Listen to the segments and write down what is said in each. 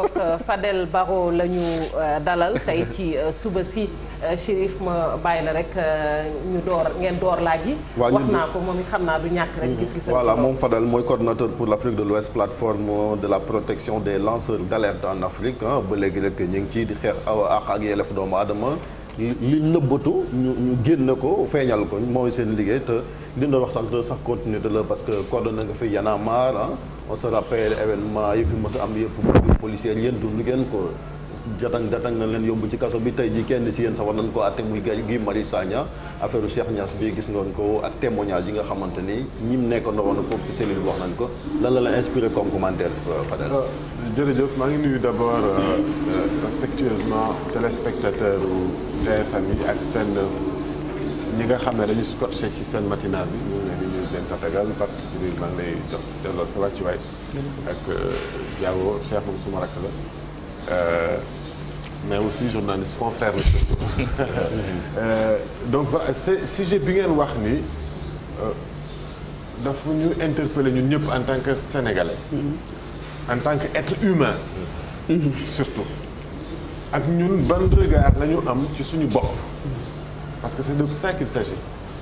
donc euh, Fadel Barro la ñu euh, dalal tey ci euh, suba si Chérif ma bàyyi la rek ñu door ngeen door laaj yi. wax naa ko moom it xam naa du ñàkk rek. gis-gis voilà moom Fadel mooy coordonnateur pour l' Afrique de l'Ouest plateforme de la protection des lanceurs d' alerte en Afrique ba léegi rek ñu ngi ciy di xeex àq ak yelleef doomu aadama. li nëbbatu ñu ñu génn ko feeñal ko mooy seen liggéey te li ñu doon wax sax continuer de la parce que coordonné nga fi Y'en a marre ah. on se rappelle événement yi fi mos a am yëpp policiers yéen dund ngeen ko jatang jatang na leen yóbbu ci kaso bi tey ji kenn si yéen sax war nañ ko àtte muy Guy Marius Sagna affaire Cheikh Niass bi gis nga ko ak témoignage yi nga xamante ni ñim nekk ndoxoon foofu ci cellule wax nañ ko lan la la inspiré comme commentaire euh, Fadel euh, jërëjëf maa ngi nuyu d'abord euh, respectueusement téléspectateur u TFM yi ak seen ñi nga xam ne dañu scotché ci seen matinal bi Tatagal Barth Djibril maa ngi lay jox ak euh, Diawo Cheikh moom suma rakk la euh, mais aussi journaliste confrère la surtout euh, donc voilà sujet bi ngeen wax ni dafa ñu interpeller ñun ñëpp en tant que sénégalais mm-hmm. en tant que être humain mm-hmm. surtout ak ñun ban regard la ñu am ci suñu bopp mm-hmm. parce que c'est de ça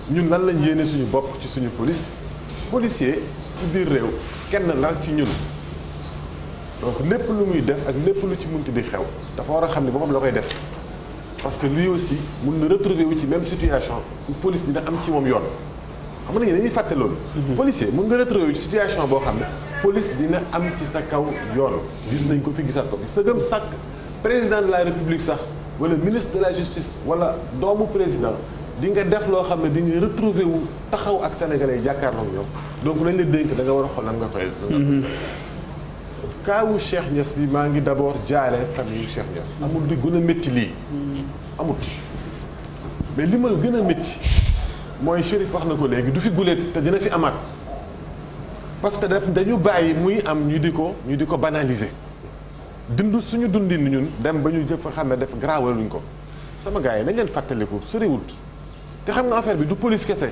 ñun lan lañ yéene suñu bopp ci suñu police policier ci biir réew kenn la ci ñun donc lépp lu muy def ak lépp lu ci munti di xew dafa war a xam ni boppam la koy def parce que lui aussi mun na retrouver wu ci même situation police dina am ci moom yoon xam nañu dañuy fàtte loolu mhm. policier mun nga retrouver wu ci situation boo xam ne police dina am ci sa kaw yoon gis nañ ko fi gisaat ko fi sëgëm sàkk président la république sax wala ministre de la justice wala doomu président di nga def loo xam ne di nga retrouver wu taxaw ak sénégalais jàkkaarloo ñoom donc lañ la dénk da nga war a xool lan nga koy. kaawu Cheikh bi maa ngi d' abord jaale famille Cheikh Niass. amul di gën a métti lii. amut mais li ma gën a mooy Chérif wax na ko léegi du fi guléet te dina fi amaat parce que daf dañu bàyyi muy am ñu di ko ñu di ko banaliser. dund suñu dundin ñun dem ba ñu jëf xam ne def luñ ko sama gars yi nañ leen fàttaliku soriwut. te xam nga affaire bi du police kese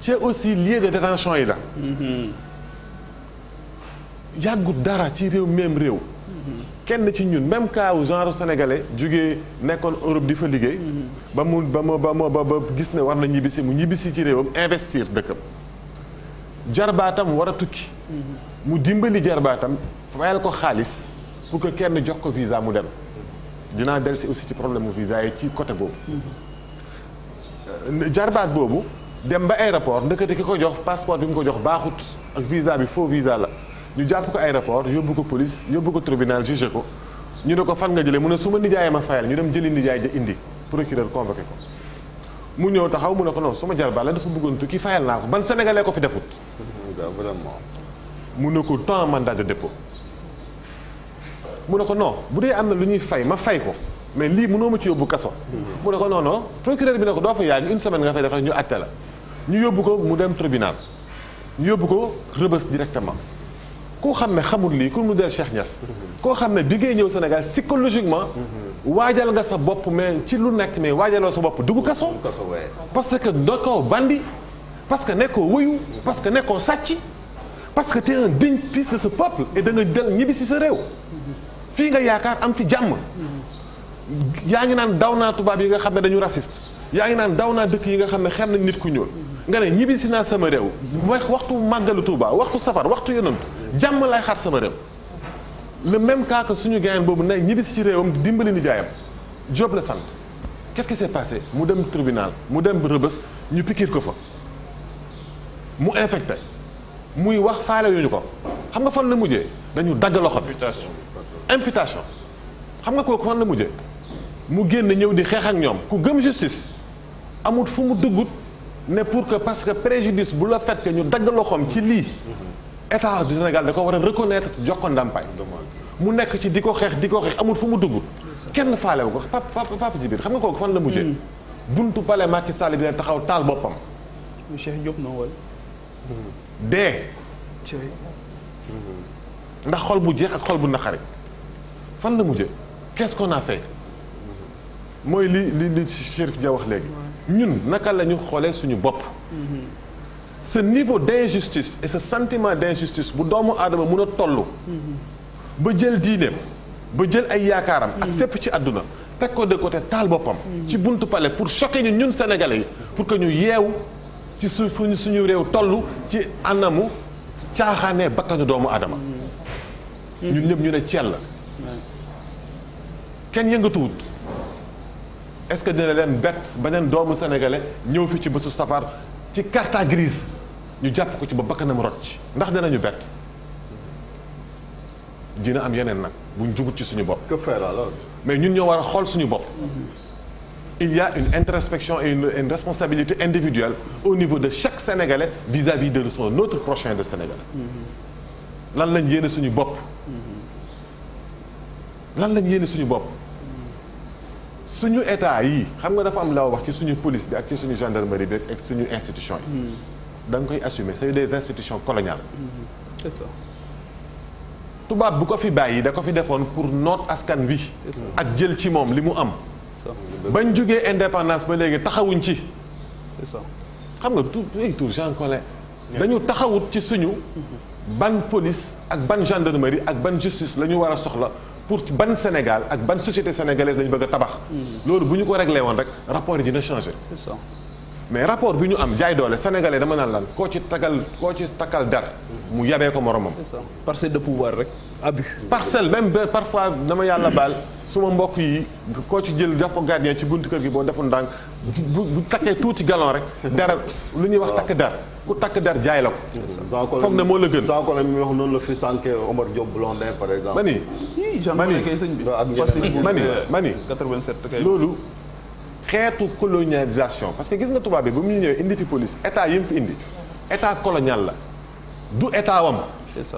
c'est aussi lieu de détention yi la yàggut dara ci réew même réew kenn ci ñun même cas wu genre sénégalais jógee nekkoon Europe di fa liggéey ba mu ba ma ba ma ba ba gis ne war na ñibbisi mu ñibbisi ci réewam investir dëkkam jarbaatam war a tukki mu dimbali jarbaatam fayal ko xaalis pour que kenn jox ko visa mu dem dinaa delsi aussi ci problème mu visa yi ci côté boobu jarbaat boobu dem ba aéroport ndëkkati ki ko jox passeport bi mu ko jox baaxut ak visa bi foo visa la ñu jàpp ko aéroport yóbbu ko police yóbbu ko tribinal jugé ko ñu ne ko fan nga jëlee mu ne suma nijaayee ma fayal ñu dem jëli nijaay ja indi procureur convoqué ko mu ñëw taxaw mu ne ko non su ma jarbaat la dafa bëggoon ki fayal naa ko ban sénégalais ko fi defut. vraiment. mu ne ko temps mandat de dépôt. mu ne ko non bu dee am na lu ñuy fay ma fay ko. mais lii mënoo ma ci yóbbu kaso mm-hmm. mu ne ko non non bi ne ko doo fa yàgg une semaine nga fay def ñu àtte la ñu yóbbu ko mu dem tribunal ñu yóbbu ko rëbës directement koo xam ne xamul lii ku mu del Cheikh Niass mm-hmm. koo xam ne bi ngay ñëw Sénégal psychologiquement mm-hmm. waajal nga sa bopp mais ci lu nekk mais waajaloo sa bopp dugg kaso parce que nekkoo bandi parce que nekkoo wuyu parce que nekkoo sàcc parce que te un digne fils sa ce peuple et da nga ñibbi si sa réew fii nga yaakaar am fi jàmm yaa ngi naan daw naa tubaab yi nga xam ne dañu raciste yaa ngi naan daw naa dëkk yi nga xam ne xeer nañ nit ku ñuul nga ne ñibbisi naa sama réew waxtu màggalu Tuuba waxtu safar waxtu yonant jàmm lay xaar sama réew le même cas suñu gayeen boobu ne ñibbisi ci réewam dimbali nijaayam Jóob la sant qu'est-ce qui s'est passé mu dem tribunal mu dem rëbës ñu pikiir ko fa mu infecté muy wax faale yu ñu ko xam nga fan la mujjee dañu dagg loxo bi imputation xam nga kooku fan la mujjee mu génn ñëw di xeex ak ñoom ku gëm justice amut fu mu duggut ne pour que parce que préjudice bu la fait que ñu dagg loxoom ci lii état du Sénégal da ko war a reconnaître jox ko ndàmpaay mu nekk ci di ko xeex di ko xeex amul fu mu duggut kenn faale faalewu ko papa papa Djibril xam nga kooku fan la mujjee hmm. buntu palais Macky Sall bi ne taxaw taal boppam Cheikh Diop non wala dee hmm. ndax xol bu jeex ak xol bu naqari fan la mujjee qu'est-ce fait mooy li li li Chérif Dia wax léegi ñun naka la ñu xoolee suñu bopp ce niveau d'injustice et ce sentiment d'injustice bu doomu aadama mun a toll ba jël diineem ba jël ay yaakaaram ak fépp ci àdduna teg ko de côté taal boppam ci buntu pale pour choquer ñu ñun sénégalais yi pour que ñu yeew ci su fuñu suñu réew tollu ci anamu caaxaanee bakkanu doomu aadama ñun ñëpp ñu ne cell kenn yëngatuwut est-ce que dina leen bett beneen doomu sénégalais ñëw fi ci bësu safar ci carte grise ñu jàpp ko ci ba bakkanam rot ci ndax dinañu bett dina am yeneen nag buñ jugut ci suñu bopp. que faire alors. mais ñun ñoo war a xool suñu bopp. il yà une introspection et une, responsabilité individuelle au niveau de chaque sénégalais vis-à-vis de son autre prochain de sénégalais. lan lañ yéene suñu bopp. lan lañ yéene suñu bopp. suñu état yi xam nga dafa am laa wax ci suñu police bi ak ci suñu gendarmerie bi ak suñu institution yi hmm. da nga koy assumer c'est des institutions coloniales hmm. tubaab bu ko fi bàyyi da ko fi defoon pour noot askan wi ak jël ci moom li mu am bañ jógee indépendance ba léegi taxawuñ ci c'est xam nga tout tout Jean Collin dañu taxawut ci suñu hmm. ban police ak ban gendarmerie ak ban justice lañu ñu war a soxla pour ban Sénégal ak ban société sénégalaise lañu bëgg a tabax. Mm-hmm. loolu bu ñu ko réglé woon rek rapport yi dina changé. mais rapport bi ñu am jaay doole sénégalais dama naan lan koo ci tagal koo ci takkal dar mu yabee ko moromam. parcelle de pouvoir rek abus. parcelle même parfois dama yàlla baal. suma mbokk yi koo ci jël jàpp gardien ci buntu kër gi boo defoon ndànk bu bu takkee tuuti galon rek. dara lu ñuy wax takk dar ku takk dar jaay la ko. foog ne moo la gën. sànq mi noonu la fi sànq Omar Diop Blondin par exemple. mani mani mani euh, mani 87 kay loolu xeetu colonisation parce que gis nga tubaab bi ba mu ñëwee indi fi police état yi fi indi état colonial la du état wam. c'est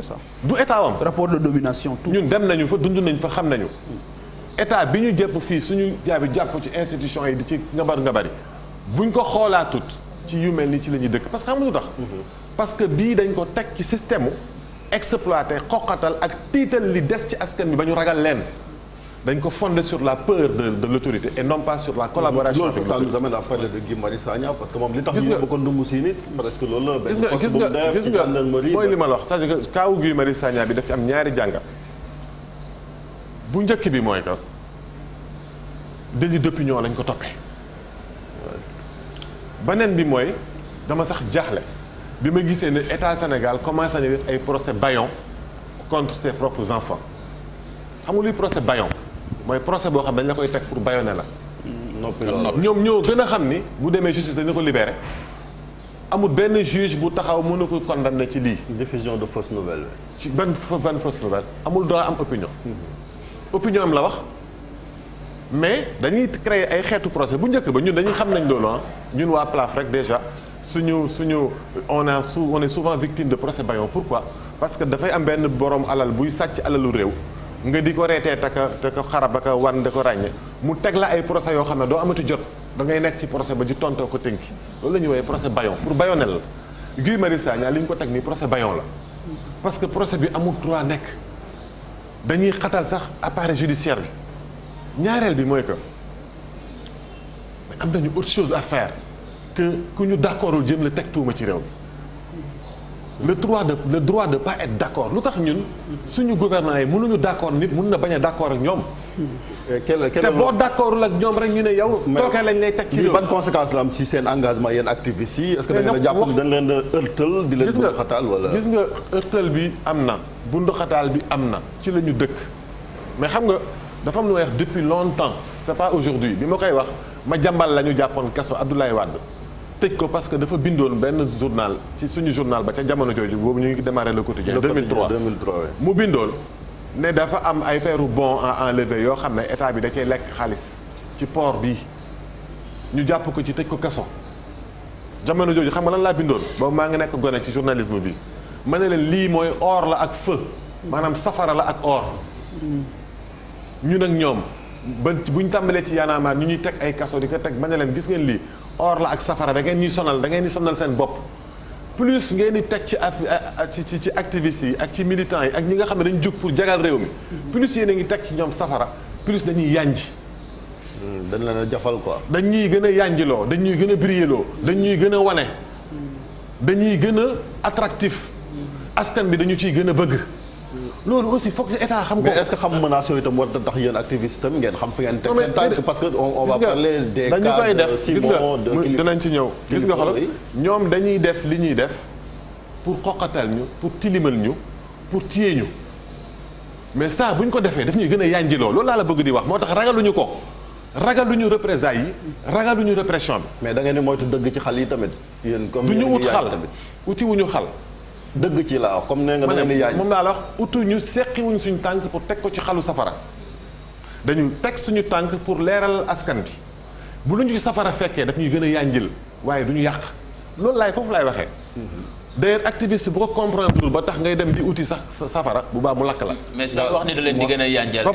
c'est ça du état wam rapport de domination tout ñun dem nañu fa dund nañ fa xam nañu état bi ñu jëpp fii suñu jaabi jàpp ci institution yi di ci ngabar ngabari buñ ko xoolaatut ci yu mel ni ci la ñuy dëkk parce que xam nga lu tax mhm. parce que bii dañ ko teg ci système exploité xoqatal ak tiital li des ci askan bi ba ñu ragal leen dañ ko fonde sur la peur de de l'autorité et non pas sur la collaboration avec l'autorité. loolu ça nous amène à parler de Guy Marius Sagna parce que mooy li ma la wax cest à Guy Marius Sagna ñaari jàngat bu njëkk bi mooy que délit d'opinion lañ ko toppee beneen bi mooy dama sax jaaxle bi ma gisee ni état Sénégal commencé na def ay procès bâillon contre ses propres enfants xam nga procès bâillon mooy procès boo xam dañ la koy teg pour bayone la. noppi ñoom ñoo gën a xam ni bu demee justice dañu ko libéré. amul benn juge bu taxaw mën na ko condamné ci lii. diffusion de fausse nouvelle. ci benn benn fausse nouvelle amul droit am opinion. Mm-hmm. opinion am la wax mais dañuy créer ay xeetu procès bu njëkk ba ñun dañuy xam nañ loolu ah ñun waa PLAF rek déjà suñu suñu on a sou on est souvent victime de procès bâillon pourquoi parce que dafay am benn borom alal buy sàcc alalu réew. nga di ko reetee te ka te ko xarab ak wan de ko ràññe mu teg la ay procès yoo xam ne doo amati jot da ngay nekk ci procès ba ji tontoo ko tënki loolu la ñuy woowee procès Bayon pour bayonel la Guy Marius Sagna li ñu ko teg nii procès Bayon la parce que procès bi amul droit nekk dañuy xatal sax appareil judiciaire bi ñaareel bi mooy que mais am nañu autre chose à faire que ku ñu d'accordul jëm la teg tuuma ci réew mi le droit de le droit de pas être d'accord lu tax ñun suñu gouvernants yi mënuñu d'accord nit mun na bañ a d'accord ak ñoom. Euh, te boo d'accordul ak ñoom rek ñu ne yow. tookee lañ lay teg ci réew ban conséquence la am ci seen yéen activistes yi. est-ce que da ngeen a jàpp ne dañ leen a ërtal di leen bunduxataal wala gis nga ërtal bi am na. bunduxataal bi am na. ci la ñu dëkk mais xam nga dafa am lu may wax depuis longtemps c'est pas aujourd'hui bi ma koy wax ma jàmbal la ñu jàppoon kaso Abdoulaye Wade. tëj ko parce que dafa bindoon benn journal ci suñu journal ba ca jamono jooju boobu ñu ngi démarré le quotidien 2003 mu bindoon ne dafa am ay feeru bon en enlever yoo xam ne état bi dacay lekk xaalis ci port bi ñu jàpp ko ci tëj ko kaso jamono jooju xam nga lan laa bindoon boobu maa ngi nekk gone ci journalisme bi ma ne leen lii mooy or la ak feu maanaam safara la ak or mm. ñun nag ñoom ba buñ tàmbalee ci yaanaamaar ñu ñuy teg ay kaso di ko teg ma ne leen gis ngeen lii or la ak safara da ngeen ñuy sonal da ngeen di sonal seen bopp plus ngeen di teg ci ci ci activistes yi ak ci militants yi ak ñi nga xam ne dañu jug pour jagal réew mi plus yéen a ngi teg ci ñoom safara plus dañuy yanj hmm, dañ leen a jafal quoi dañuy gën a yànjiloo dañuy gën a brilleloo dañuy gën a wane dañuy gën a attractif hmm. askan bi dañu ciy gën a bëgg loolu aussi foog ñu état xam ko. mais est-ce que xam menaces yooyu itam war que on on va parler des cas de Simon de dinañ ci ñoom dañuy def li ñuy def pour xoqatal ñu pour tilimal ñu pour téye ñu mais ça bu ko defee daf ñuy gën a yànjiloo loolu laa la bëgg di wax moo tax ragaluñu ko ragaluñu représailles yi ragaluñu répression bi. mais da ngeen di moytu dëgg ci xal yi tamit. yéen comme du ñu ut xal uti wuñu xal dëgg ci laa wax comme nee nga da ni yaay moom laa la wax utu ñu seqiwuñ suñu tànk pour teg ko ci xalu safara dañu teg suñu tànk pour leeral askan bi bu lu ñu safara fekkee daf ñuy gën a yànjil waaye du ñu yàq loolu laay foofu laay waxee mhm. d'ailleurs activiste bu ko comprendre ba tax ngay dem di uti sax safara bu baax mu lakk la. mais soo wax ni da leen di gën a yànjal.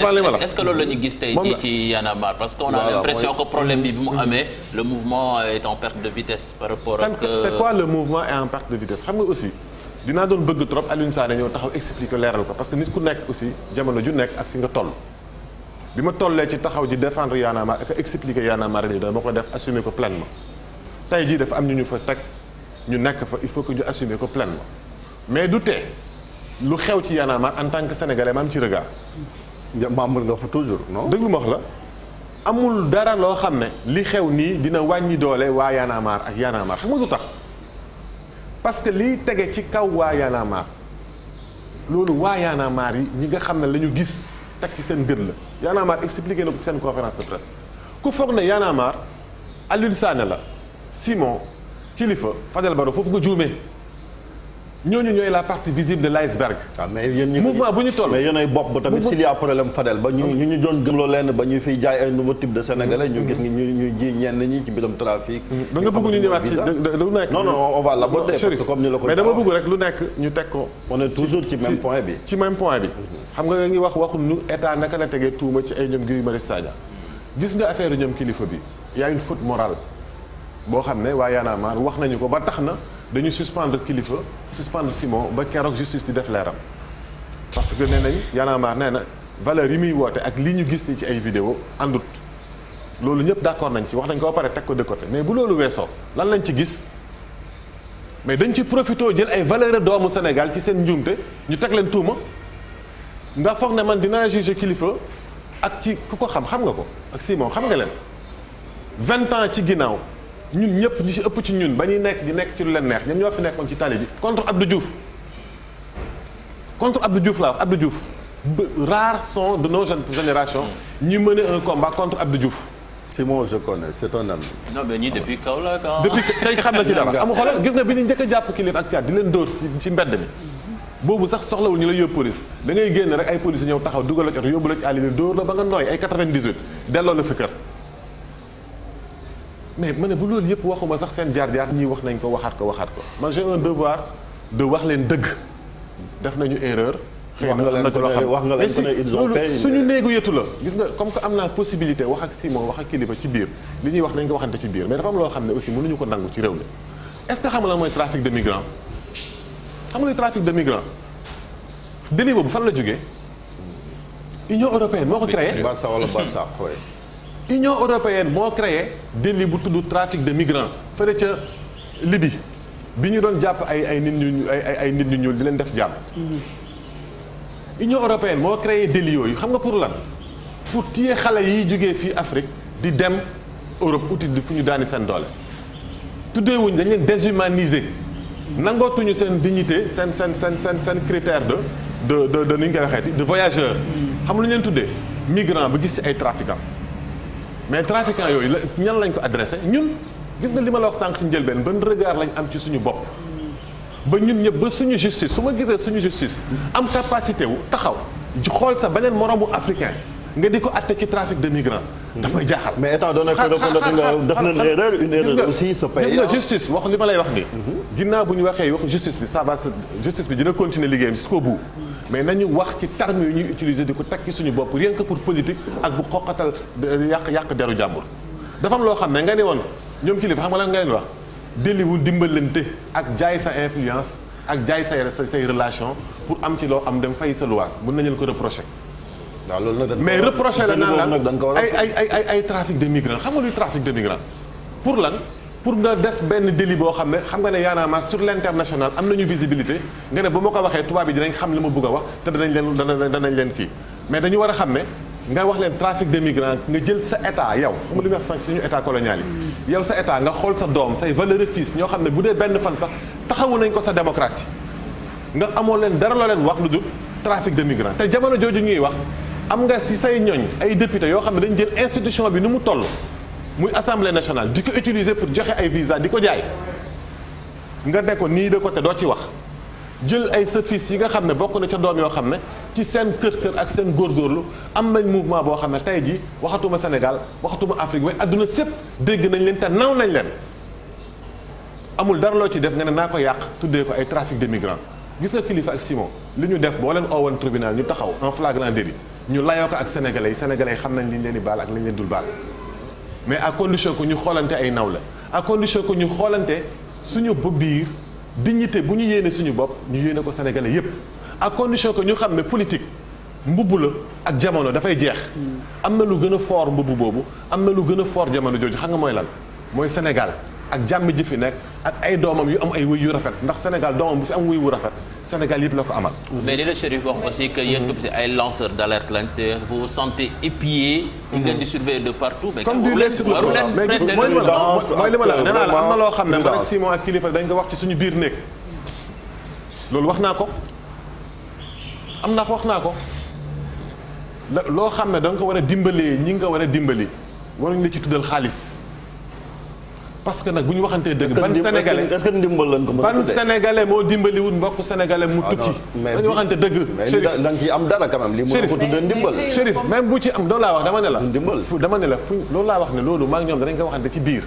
est-ce que loolu la ñu gis tey jii ci Y'en a marre parce qu'on a que problème bi bi mu mhm. amee en perte de vitesse. par rapport ak euh, c'est quoi le mouvement est en perte xam nga aussi. dinaa doon bëgg trop Alioune Sané ñëw taxaw expliquer leeral ko parce que nit ku nekk aussi jamono ju nekk ak fi nga toll bi ma tollee ci taxaw ji defendre Y'en a marre ak expliquer Y'en a marre dama ko def assumer ko tey jii dafa am ñu ñu fa teg ñu nekk fa il faut que ñu assumer ko pleinement mais du tee lu xew ci Y'en a marre en tant que sénégalais ma am ci regard membre nga fa toujours non déglu wax la amul dara loo xam ne li xew nii dina wàññi doole waa Y'en ak Y'en a marre xam tax parce que liy tege ci kaw waa Y'en a loolu waa Y'en yi ñi nga xam ne lañu gis teg ci seen gën la Y'en a expliqué na seen conférence de presse ku foog ne Y'en a marre la Simon Kilifa Fadel Barro foofu nga juumee. ñooñu ñooy la partie visible de l'iceberg. waaw ah, mais yéen ñi mouvement bu ñu toll. mais yéen ay bopp ba tamit s'il a problème Fadel ba ñu ñu ñu doon gëmloo leen ba ñu fiy jaay ay nouveau type de sénégalais. ñu gis mm, nga bëgg bi. ci même point bi. Mm-hmm. xam nga wax waxu nu état naka tegee tuuma ci ay ñoom Guy Marius Sagna gis nga affaire ñoom kilifa bi y a une faute morale boo xam ne waa Yaana Mar wax nañu ko ba tax na dañu suspendre kilifa suspendre Simon ba keroog justice di def leeram parce que nee nañ Y'en nee na valeur yi muy woote ak li ñu gis ni ci ay vidéo àndut loolu ñëpp d'accord nañ ci wax nañ ko pare teg ko de côté mais bu loolu weesoo lan lañ ci gis mais dañ ci profité jël ay valeur doomu Sénégal ci seen njuumte ñu teg leen tuuma nga foog ne man dinaa juger kilifa ak ci ku ko xam xam nga ko ak Simon xam nga leen vingt ans ci ginnaaw ñun ñëpp ñu ci ëpp ci ñun ba ñuy nekk ñu nekk ci lu leen neex ñun ñoo fi nekkoon ci tali bi contre Abdou Diouf contre Abdou Diouf laa wax Abdou Diouf rares sont de nos jeunes générations ñi mener un combat contre Abdou Diouf. Simon je connais c'est ton ami. na ci dara gis nga bi ñu njëkk jàpp kii ak caat di leen dóor ci ci mbedd mi. boobu sax soxlawul ñu la yóbbu police da ngay génn rek ay police ñëw taxaw dugal la yóbbu la ci àll bi dóor kër. mais ma ne bu loolu yëpp waxuma sax seen jaar-jaar ñi wax nañ ko waxaat ko waxaat ko man j'ai un devoir de wax leen dëgg def nañu erreur. xëy na nag loo xam wax nga leen si loolu suñu néegu yetu la. gis nga comme que am naa possibilité wax ak Simon wax ak kilifa ci biir li ñuy wax nañ ko waxante ci biir mais dafa am loo xam ne aussi mënuñu ko nangu ci réew mi est-ce mooy trafic de migrants xam nga trafic de migrants délit boobu fan la jógee Union européenne moo ko créé. Barça wala Barça Union européenne moo créé délit bu tudd trafic de migrants fële ca libi bi ñu doon jàpp ay ay nit ñu ay ay nit ñu ñuul di leen def jàmm. Mm-hmm. Union européenne moo créé délit yi xam nga pour lan pour téye xale yiy jógee fii Afrique di dem Europe uti di fu ñu daani seen doole. tuddeewuñ dañ leen déshumaniser nangootuñu seen dignité seen seen seen seen seen critère de de de de nu ñu koy waxeeti de voyageur. Mm-hmm. xam lu ñu leen tuddee migrant bi gis ci ay trafiquants. mais trafiquant yooyu la ñan lañ ko adressé ñun gis nga li ma la wax sànq ci njëlbeen ban regard lañ am ci suñu bopp ba ñun ñëpp ba suñu justice su ma gisee suñu justice am capacité wu taxaw xool sa beneen moroomu africain nga di ko atte ci trafic de migrants. dafay jaaxal mais étant donné que def na une une erreur aussi se paye. gis nga justice li ma lay wax nii. Mhm. bu ñu waxee wax justice bi ça va justice bi dina continuer liggéeyam jusqu'au bout. mais nañu wax ci terme yu ñuy utiliser di ko teg ci suñu bopp rien que pour politique ak bu xoqatal yàq yàq deru jàmbur. dafa am loo xam ne nga ne woon ñoom kilifa xam nga lan nga leen wax delliwul dimbalante ak jaay sa influence ak jaay say say relation pour am ci loo am dem fay sa luwaas mën nañu leen ko reprocher. waaw loolu nag mais reprocher la naan ay ay ay ay trafic de migrants xam nga luy trafic de migrants pour lan. pour nga def benn délit boo xam ne xam nga ne yaanaama sur l' international am nañu visibilité nga ne bu ma ko waxee tubaab yi dinañ xam li ma bëgg a wax te danañ leen danañ leen kii mais dañu war a xam ne nga wax leen trafic de migrants nga jël sa état yow xam nga suñu état colonial yi yow sa état nga xool sa doom say valeur fils ñoo xam ne bu dee benn fan sax taxawu nañ ko sa démocratie nga amoo leen dara loo leen wax lu dul trafic de migrants te jamono jooju ñuy wax am nga si say ñooñ ay député yoo xam ne dañ jël institution bi ni mu toll muy assemblée nationale di ko utiliser pour joxe ay visa di ko jaay nga ne ko nii de côté doo ci wax jël ay services yi nga xam ne bokk na ca doom yoo xam ne ci seen kër kër ak seen góorgóorlu am nañ mouvement boo xam ne tey jii waxatuma Sénégal waxatuma Afrique waaye adduna sépp dégg nañ leen te naw nañ leen amul dara loo ci def nga ne naa ko yàq tuddee ko ay trafic de migrants gis nga Kilifeu ak Simon li ñu def boo leen oowoon tribunal ñu taxaw en flagrant ñu layoo ko ak sénégalais yi sénégalais yi xam nañ li leen di ak li leen dul baal. mais à condition que ñu xoolante ay naw la à condition ko ñu xoolante suñu ba biir dignité bu ñu yéenee suñu bopp ñu yéene ko sénégalais yépp à condition ko ñu xam ne politique mbubb la ak jamono dafay jeex mm. am na lu gën a fort mbubb boobu am na lu gën a fort jamono jooju xam nga mooy lan mooy Sénégal ak jàmm ji fi nekk ak ay doomam yu am ay wëy yu rafet ndax Sénégal doomam bu fi am wëy wu rafet Sénégal yëpp la ko amal. mais li la Chérif wax aussi que yéen ñëpp si ay lanceurs d' lañ te vous vous sentez épié. ñu leen di surveiller de partout. mais comme du lait sur le mooy li am na loo xam ne man ak Simon ak kilifa dañ wax ci suñu biir néeg loolu wax naa ko am na wax naa ko loo xam ne da ko war a dimbalee ñi nga war a dimbali waruñ la ci tuddal xaalis. parce que nag bu ñu waxantee dëgg ban sénégalais est-ce que ndimbal ban sénégalais moo dimbaliwul mbokk sénégalais mu ah tukki dañu waxante dëgg chérif da bu ci am loolu laa wax dama ne la ndimbal dama ne la fuñ loolu laa wax ne loolu maa ngi ñoom ko waxante ci biir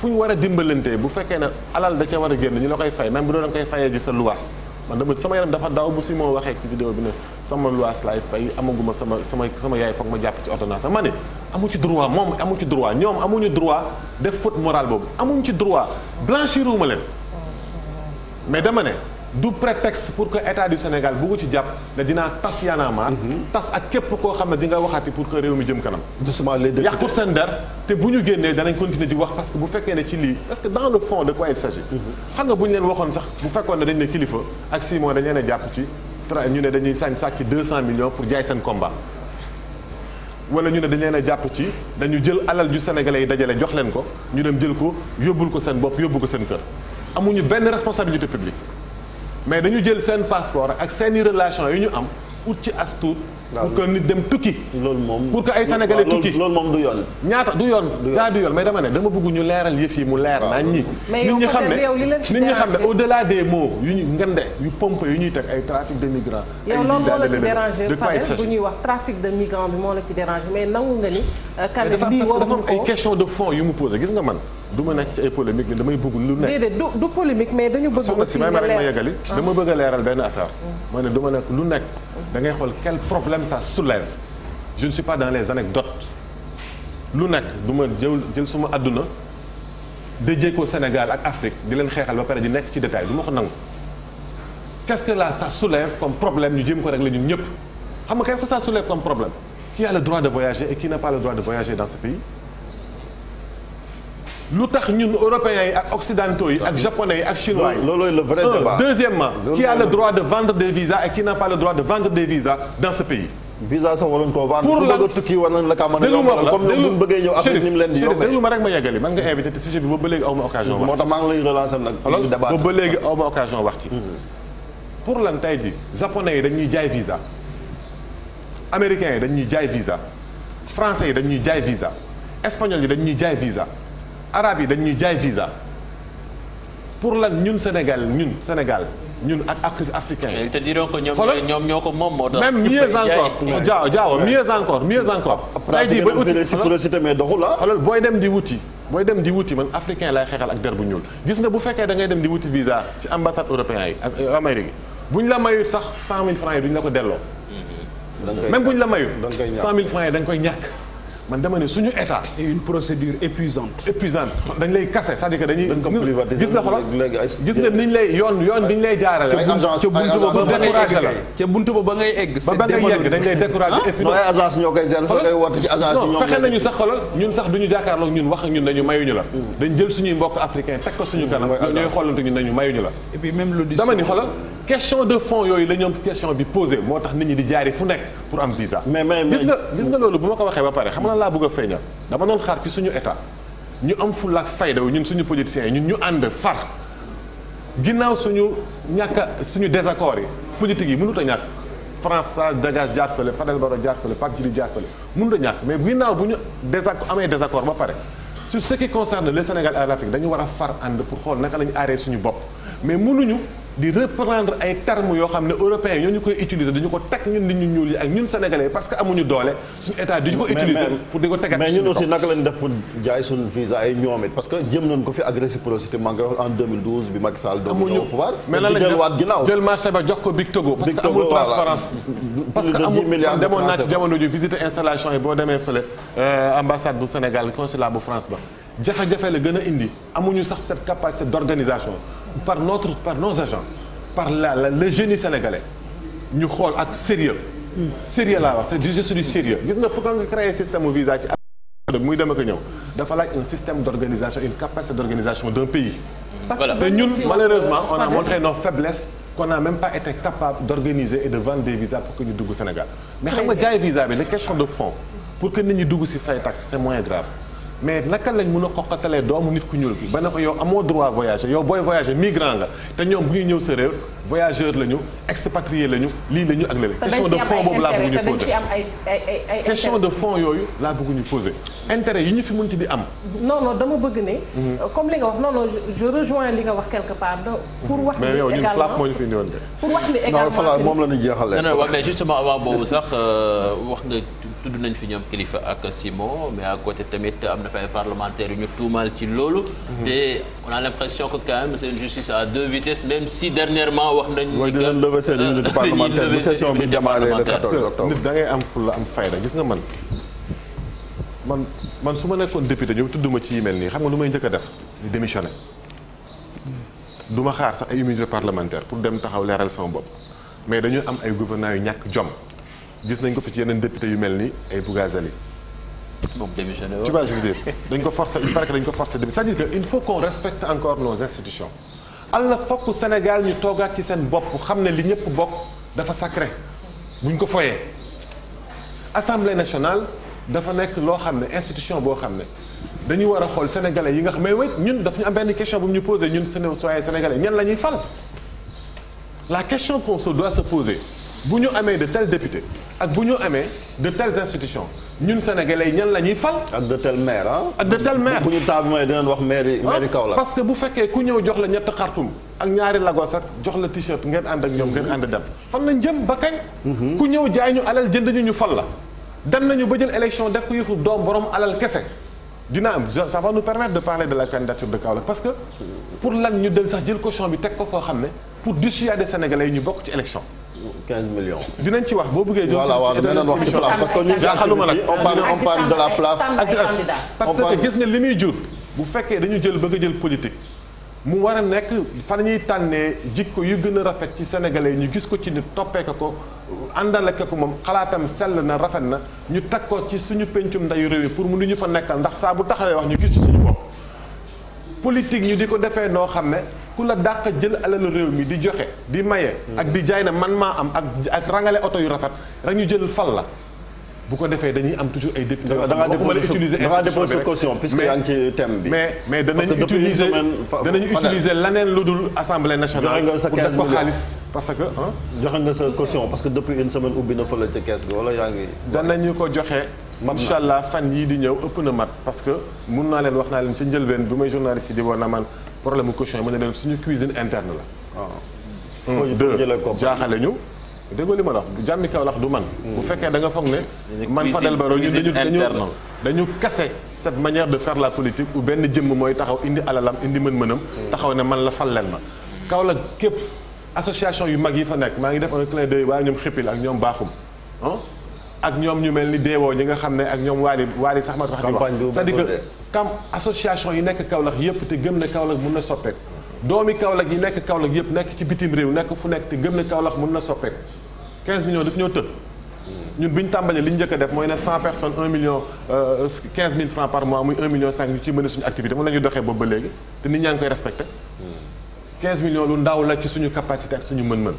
fu ñu war a dimbalantee bu fekkee ne alal da ca war a génn ñu la koy fay même bu doon da koy fayee ji sa luwaas man na dama sama yaram dafa daaw bu si moo waxee ci vidéo bi ne sama luwaas laay fay amaguma sama sama sama yaay foog ma jàpp ci ordonnance ma ne amu ci droit moom amu ci droit ñoom amuñu droit def faute morale boobu amuñu ci droit blanchir wu ma leen mais dama ne du prétexte pour que état du Sénégal bugg ci jàpp ne dinaa tas Y'en a marre mhm. tas ak képp koo xam ne di nga waxati pour que réew mi jëm kanam. justement les deux seen der te bu ñu génnee danañ continuer di wax parce que bu fekkee ne ci lii parce que dans le fond de quoi il s'agit mhm. xam nga bu ñu leen waxoon sax bu fekkoon ne dañ ne kilifa ak Simon dañ a jàpp ñu ne dañuy sañ sàcc deux cent millions pour jaay seen combat wala ñu ne dañ leen a jàpp ci dañu jël alal ju sénégalais yi dajale jox leen ko ñu dem jël ko yóbbul ko seen bopp yóbbu ko seen kër amuñu benn responsabilité publique mais dañu jël seen passeport ak seeni relation yu ñu am ut ci as pour que nit dem tukki. loolu moom pour que ay sénégalais tukki loolu moom du yoon. ñaata du yoon. du yoon daa du yoon mais dama ne dama bëgg ñu leeral yëf yi mu leer. naan ñi nit ñi xam ne nit ñi xam ne au delà des yu ñu ngande yu pompe yu ñuy teg ay trafic de migrants. ay yow loolu moo la ci dérangé Fadel bu ñuy wax trafic de migrants bi moo la ci dérangé mais nangu nga ni. Euh, dafa am ay question mu posé du ma nekk ci ay polémique mais damay bëgg lu nekk. déedéet du du polémique mais dañu bëgg. soxna si may ma rek ma yeggali ah. dama bëgg a leeral benn affaire. mooy ne du nekk lu xool quel problème ça soulève. je ne suis pas dans les anecdotes lu nekk du ma jël jël suma àdduna dëjee ko Sénégal ak Afrique di leen xeexal ba pare di nekk ci détail du ma ko nangu. qu'est-ce que là ça soulève comme problème ñu jéem ko régler ñun ñëpp xam nga qu'est-ce que soulève comme problème qui a le droit de voyager et qui n'a pas le droit de lu tax ñun européens yi ak occidentaux yi ak japonais yi ak chinois yi. loolooy le vrai débat deuxièmement qui a droit de vendre des visas et n'a pas le droit de vendre des dans ce pays. visa sax waroon koo pour la bëgg a tukki war nañ la kaa mën a yombal comme ñoom bu ñu bëggee ñëw après ni mu leen di yombee déglu ma rek ma nga invité te sujet bi boobu ba léegi aw moo tax maa ngi lay relancer nag. ñu débat boobu ba léegi aw ma occasion wax ci. Mhm. pour lan tey ji japonais yi dañuy jaay visa. américains yi dañuy jaay visa. français yi arab yi dañuy jaay visa pour lan ñun Sénégal ñun Sénégal ñun ak Afrique africain yi. te dirons que ko moo tax même mieux encore jaaw jaaw mieux encore mieux encore. tey jii ba uti ah. booy dem di wuti. booy dem di wuti man africain lay xeexal ak der bu ñuul gis nga bu fekkee dangay ngay dem di wuti visa ci ambassade européen yi ak euh, Amérique buñ la mayut sax 100000 francs yi duñ la ko delloo. Mm-hmm. même buñ la mayut 100000 francs yi da nga koy ñàkk. man dama ne suñu état. et une procédure épuisante. épuisante dañ lay kase c'est-à-dire que dañuy. gis nga xoolal gis nga niñ lay yoon yoon bi ñu lay jaarale. ay agence ay ba ba ngay egg ba ba ngay yegg dañ lay découragé. et ah? puis non ay fexe nañu sax xoolal ñun sax duñu jàkkaarloog ñun wax ak ñun nañu mayuñu la. Mm. dañ jël suñuy mbokk africain teg ko suñu mm, kanam ñooy xoolante ñun nañu mayuñu la. et puis même question de fond yooyu la ñoom question bi posé moo tax nit ñi di jaari fu nekk pour am visa. mais mais gis nga gis nga loolu bu ma ko waxee ba pare xam laa bëgg a feeñal dama doon xaar ci suñu état ñu am fulla ak fayda ñun suñu politiciens yi ñun ñu ànd far ginnaaw suñu ñàkk suñu désaccord yi politique yi mënut a ñàkk. France Sall Diagas jaar fële Fadel Barro jaar fële Pape Djili jaar fële mënut a ñàkk mais ginnaaw bu ñu désaccord amee désaccord ba pare. sur ce qui concerne le dañu war a far ànd pour xool naka la aaree suñu bopp di reprendre ay termes yoo xam ne européens yi ñoo ñu koy utiliser dañu ko teg ñun nit ñu ñuul yi ak ñun sénégalais parce que amuñu doole suñu état duñu ko utiliser pour di ko tegaat mais ñun aussi def pour jaay suñu visa ay ñoom parce que jëm nañ ko fi ak réciprocité maa ngi wax en 2012 bi Macky Sall doon ñëw mais lan jox ko Big Togo parce que amul transparence parce que amul demoon naa ci jamono ju visiter installation yi boo demee fële euh, ambassade bu Sénégal consulat jafe-jafe la gën a indi amuñu sax cette capacité d'organisation par notre par nos agents par la la le génie sénégalais ñu xool ak sérieux sérieux la wax c'est je suis sérieux gis nga pourquoi nga créer système visa ci muy dem ak ñëw dafa la un système d'organisation une capacité d'organisation d'un pays te ñun malheureusement on a montré nos faiblesses qu'on n'a même pas été capable d'organiser et de vendre des pour que ñu dugg Sénégal mais xam nga jaay visa bi la question de fond pour que nit dugg ci fay taxe c'est moins mais naka lañ mën a xoqatalee doomu nit ku ñuul bi ba ne ko yow amoo droit voyager yow booy voyager migrant nga te ñoom bu ñuy ñëw sa réew voyageur lañu expatrié lañu lii lañu ak lële question de fond boobu laa question de fond yooyu laa bëgg ñu poser intérêt yi ñu fi mun mënti di am non non dama bëgg ne mhm. comme li nga wax non non je rejoins li nga wax quelque part pour wax mais yow ñun place moo ñu fi indiwoon de pour wax ni également moom la ñu jeexalee wax ne justement avant boobu sax euh, wax nga tudd nañ fi ñoom kilifa ak Simon mais à côté tamit am na fa ay parlementaires yu ñu tuumaal ci loolu. Mhm. te on a l' impression que quand même c' est une justice à deux vitesses même si dernièrement wax nañ. mooy dinañ seen immunité parlementaire bu session bi démarré le 14 octobre. am fulla am gis nga man man man su ma nekkoon député ñoom tudduma ci yi mel nii xam nga lu may njëkk a def di démissionné du ma xaar sax ay immunité parlementaire pour dem taxaw leeral sama bopp mais dañu am ay gouvernants yu ñàkk jom. gis nañ ko fi ci yeneen député yu mel ni ay Bougazali. moom démissionné tu vois je dire dañ ko forcer il ko forcer dem c'est-à-dire que il faut qu'on respecte encore nos institutions. allah fokk Sénégal ñu toogaat ci seen bopp xam ne li ñëpp bokk dafa sacré buñ ko foyee. assemblée nationale dafa nekk loo xam ne institution boo xam ne dañu war a xool sénégalais yi nga xam mais wait ñun daf ñu am benn question bu ñu posé ñun seen citoyen sénégalais ñan la ñuy fal. la question qu'on se doit bu ñu amee de tels députés ak bu ñu amee de telles institutions ñun sénégalais ñan la ñuy fal. ak de tels maires ah. ak de tels maires bu ñu taamu mooy dinañ wax maire yi ah, maire yi parce que bu fekkee ku ñëw jox la ñett xartum ak ñaari lagos ak jox la t-shirt ngeen ànd ak ñoom ngeen ànd dem. fan lañ jëm ba kañ. Mhm. ku ñëw jaay ñu alal jënd ñu ñu fal la. dem nañu ba jël élection def ko yëfu doom borom alal kese dina am ça va nous permettre de parler de la candidature que pour ñu del sax jël caution bi teg ko foo xam ne pour dissuader sénégalais yi ñu bokk ci élection. 15 millions. dinañ ci wax boo bëggee. voilà waaw dinañ wax ci PLAF parce que ñun jaaxaluma nag on parle on parle de la PLAF mu war a nekk fan ñuy tànnee jikko yu gën a rafet ci sénégalais ñu gis ko ci nit toppee ko àndale ko moom xalaatam sell na rafet na ñu teg ko ci suñu pencum ndeyu réew yi pour mu ñu fa nekkal ndax saa bu taxawee wax ñu gis ñu di ko defee noo xam ne ku la dàq jël alalu réew mi di joxe di maye. ak di jaay na man maa am ak ak rangale oto yu rafet rek ñu jël fal la. bu ko defee dañuy am toujours ay député da ngaa déposé da ngaa mais mais danañu utiliser danañu utiliser lu dul assemblée nationale. joxe nga sa ko xaalis parce que. joxe nga sa caution parce que depuis une semaine ubbi na fële ca kees bi wala yaa ngi. danañu ko joxe. incha allah fan yii di ñëw ëpp na mat parce que mun naa leen wax naa leen ca njëlbeen bi may journaliste yi di problème mu caution yi ma ne leen suñu cuisine interne la. waaw ah. hmm. deux jaaxale ñu. déggoo li ma la wax jàmmi Kaolack du man. Hmm. bu fekkee da nga foog ne. man Fadel Barro ñu dañu dañu dañu kase cette manière de faire la politique bu benn jëmm mooy taxaw indi alalam indi mën-mënam. Hmm. taxaw ne man la fal leen ma. Kaolack képp association yu mag yi fa nekk maa ngi def un clin d'œil waaye ñoom xëppil ak ñoom baaxum ah. ak ñoom ñu mel ni deewoo ñi nga xam ne ak ñoom waali waali sax ma tax di wax cest à kam association yi nekk Kaolack yëpp te gëm ne Kaolack mun na soppeeku doomi Kaolack yi nekk Kaolack yëpp nekk ci bitim réew nekk fu nekk te gëm ne Kaolack mun na soppeeku 15 millions daf ñoo tëdd. ñun bi ñu tàmbalee li ñu njëkk def mooy ne 100 personnes 1 million 15 euh, mille francs par mois muy 1 million 5 ñu ci mën suñu activité moom la ñuy doxee boobu léegi te nit ñaa koy respecté. 15 millions lu ndaw la ci suñu capacité ak suñu mën-mën.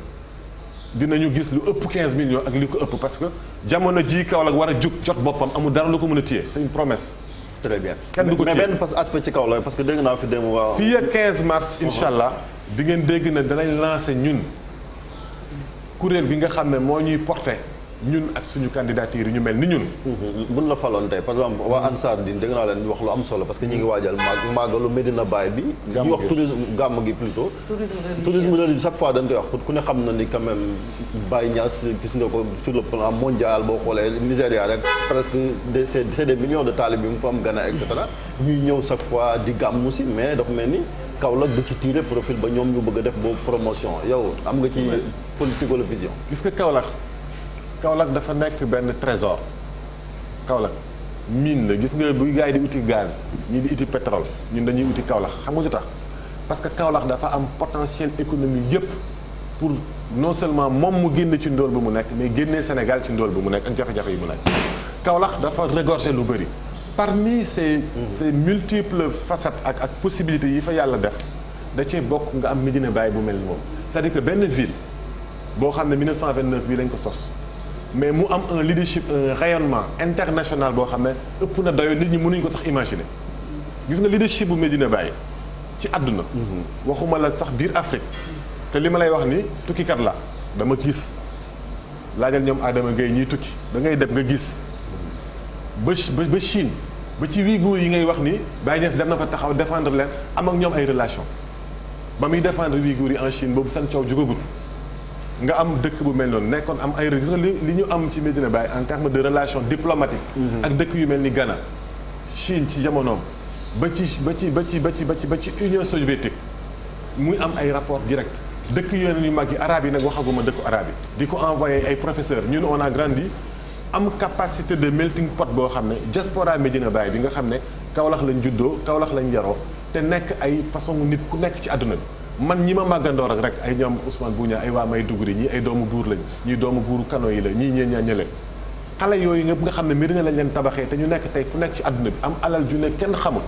dinañu gis lu ëpp 15 millions ak li ko ëpp parce que jamono jii Kaolack war a jug jot boppam amul dara lu ko mën a téye c'est une très bien kenn du ko mais benn aspect ci kaw la parce que dégg naa fi démb waaw. fii ak mars uh-huh. incha allah di ngeen dégg na danañ lancer ñun kuréel gi nga xam ne moo ñuy porté. ñun ak suñu candidature yi ñu mel ni ñun. Mm-hmm. buñ la faloon tey par exemple waa Ansaar Dine dégg naa leen wax lu am solo parce que ñu ngi waajal màgg màggalu Medina Baye bi. ñu wax tourisme gàmm gi plutôt. tourisme religieux chaque wax ku ne xam na ni quand même Baye Niass gis nga ko sur le plan mondial boo xoolee Nigéria rek presque c'est c'est des millions de talib yu mu fa am Ghana et ñuy ñëw chaque fois di gàmmu si mais dafa mel ni. kaw Kaolack du ci tiire profil ba ñoom ñu bëgg a def boobu promotion yow am nga ci politique wala vision. gis nga Kaolack Kaolack dafa nekk benn trésor Kaolack miin la gis nga buy gars yi di uti gaz ñii di uti pétrole ñun dañuy uti Kaolack xam nga lu tax parce que Kaolack dafa am potentiel économie yépp pour non seulement moom mu génne ci ndool bi mu nekk mais génnee Sénégal ci ndóol bi mu nekk ak jafe-jafe yi mu nekk Kaolack dafa regorger lu bëri parmi ces ces multiples facettes ak ak possibilités yi fa yàlla def da cee bokk nga am Médina Baye bu mel moom cest à benn ville boo xam ne 1929 bii lañ ko sos mais mu am un leadership un rayonnement international boo xam ne ëpp na dayo nit ñi mënuñ ko sax imaginer gis nga leadership bu Medina Baye ci àdduna mm-hmm. waxuma la sax biir Afrique te li ma lay wax ni tukkikat la dama gis laajal ñoom aadama Gueye ñiy tukki da ngay dem nga gis ba ba Chine ba ci Ouïghour yi ngay wax ni Baye Niass dem na fa taxaw défendre leen am ak ñoom ay relation ba muy défendre Ouïghour yi en Chine boobu seen coow jugagul nga am dëkk bu mel noonu nekkoon am ay réseau li ñu am ci Medina Baye en ma de relation diplomatique mhm. ak dëkk yu mel ni Ghana Chine ci jamonoom ba ci ba ci ba ci ba ci ba ci ba ci Union soviétique muy am ay rapport direct dëkk yeneen yu mag yi arabe yi nag waxaguma dëkku arabe yi di ko envoyé ay professeur ñun on a grande grandi am capacité de melting pot boo xam ne diaspora Medina Baye bi nga xam ne Kaolack lañ juddoo Kaolack lañ yaroo te nekk ay façon nit ku nekk ci àdduna bi man ñi ma màggandoor ak rek ay ñoom Ousmane Bouña ay waa may duguri ñi ay doomu buur lañ ñii doomu buuru kano yi la ñii ñee ñañale xale yooyu ñëpp nga xam ne mbir lañ leen tabaxee te ñu nekk tey fu nekk ci àdduna bi am alal ju ne kenn xamul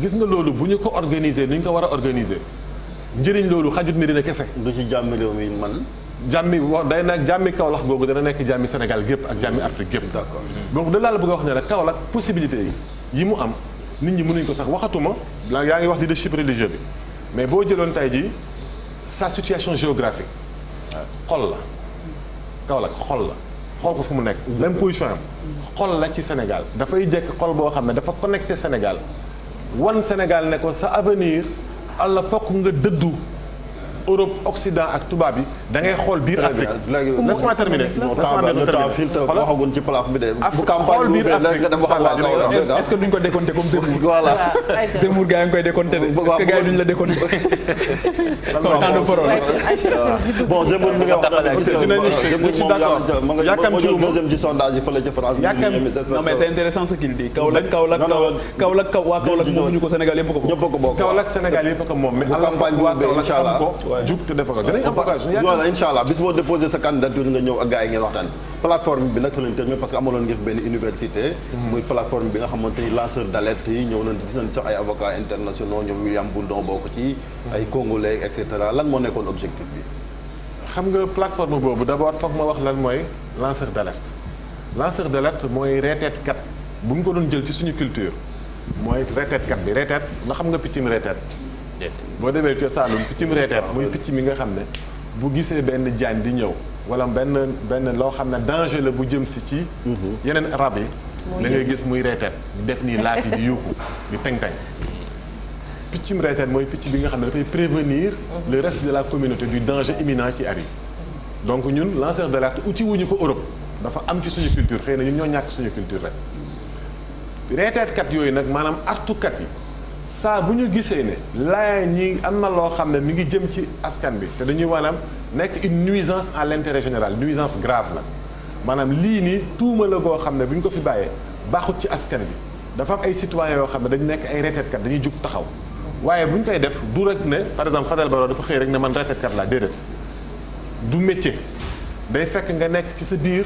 gis nga loolu bu ñu ko organiser ni ñu ko war a organiser njëriñ loolu xajut mbir na kese. du ci jàmm réew mi man. jàmmi wax day nag jàmmi Kaolack googu dana nekk jàmmi Sénégal gépp ak jàmmi Afrique gépp d'accord donc da laa la bëgg ne rek Kaolack possibilité yi mu am nit ñi mënuñ ko sax waxatuma yaa ngi wax leadership religieux bi mais boo jëloon tey jii sa situation géographique xol la Kaolack xol la xool ko fu mu nekk même position am xol la ci Sénégal dafay jekk xol boo xam ne dafa connecté Sénégal wan Sénégal ne ko sa avenir allah fokk nga dëddu Europe Occident ak tubaab yi da ngay xool biir Afrique léegi laisse-moi terminer. waxagun ci place bi de. bu campagne bi nga dem wax est ce que duñ ko décompté comme Zemmour. voilà Zemmour gars yi nga koy décompté de. est ce que gars yi duñ la décompté. son temps de parole. bon Zemmour mi nga wax dinañu yàkkamtiwu ma dem ci sondage yi fële ca France. non mais c'est intéressant ce qu'il dit. Kaolack Kaolack Kaolack waa Kaolack moom ñu ko Sénégal yëpp ko bokk. ñëpp ko bokk Kaolack Sénégal yëpp ko moom mais. bu campagne bu ubbee incha allah non non incha allah bis boo déposé sa candidature nga ñëw ak gars yi ngeen waxtaan plateforme bi nag lañ tëj parce que amaloon ngeen benn université. Mhm. muy plateforme bi nga xamante ni lanceur d'alerte yi ñëw nañ gis nañ sax ay avocats internationaux ñoom William Bourdon bokk ci. ay mhm. congolais et lan moo nekkoon objectif bi. xam nga plateforme boobu d'abord foog ma wax lan mooy lanceur d'alerte lanceur d'alerte mooy reeteetkat bu ñu ko doon jël ci suñu culture mooy reeteetkat bi reeteet nga xam nga piccim reeteet boo demee ci Saalum piccim reeteet muy picc mi nga xam ne. bu gisee benn jaan di ñëw wala benn benn loo xam ne danger la bu jëm si ci. Mhm. yeneen rab yi. da ngay gis muy reeteet def nii laaf yi di yuuxu di tëng-tëng. piccum reeteet mooy picc bi nga xam ne dafay prévenir. Mhm. le reste de la communauté du danger imminent qui arrive. donc ñun lanceur d'alerte uti ñu ko Europe dafa am ci suñu culture xëy na ñun ñoo ñàkk suñu culture rek. reeteetkat yooyu nag maanaam artukat yi. saa bu ñu gisee ne laayaan ñi am na loo xam ne mu ngi jëm ci askan bi te dañuy maanaam nekk une nuisance à l'intérêt général nuisance grave la maanaam lii nii tuuma la goo xam ne bu ñu ko fi bàyyee baaxut ci askan bi dafa am ay citoyens yoo xam ne dañu nekk ay reteetkat dañuy jug taxaw waaye bu ñu koy def du rek ne par exemple la Barro dafa xëy rek ne man reteetkat laa déedéet du métier day fekk nga nekk ci sa biir